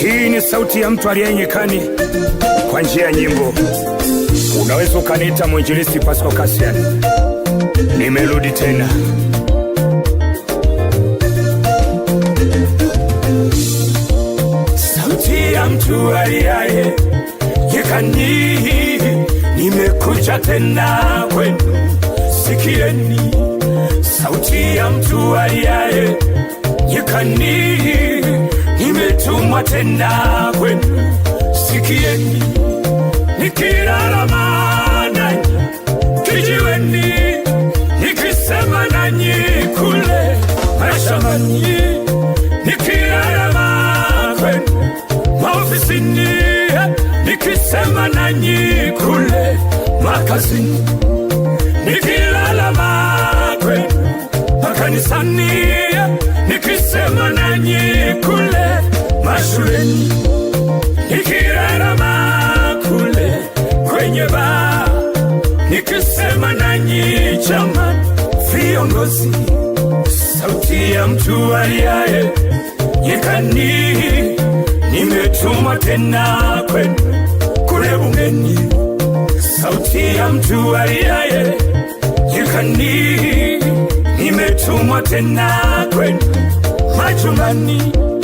Hii ni sauti ya mtu aliye nyikani kwa njia ya nyimbo. Unaweza ukaniita mwinjilisti Pascal Nimerudi tena. Sauti ya mtu aliaye nyekani nimekuja tena kwenu, sikieni sauti ya mtu aliaye nyikani kutumwa tena kwenu. Sikieni nikilalama nanyi, kijiweni nikisema nanyi kule mashambani, nikilalama kwenu maofisini, nikisema nanyi kule makazini, nikilalama kwenu makanisani, nikisema nanyi kule shuleni nikirarama kule kwenye baa nikisema nanyi jamani viongozi, sauti ya mtu aliaye nyikani, nimetumwa tena kwenu kule bungeni, sauti ya mtu aliaye nyikani, nimetumwa tena kwenu machungani.